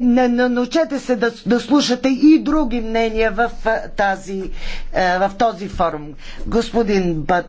Научете се да, да слушате и други мнения в, тази, в този форум. Господин Бат.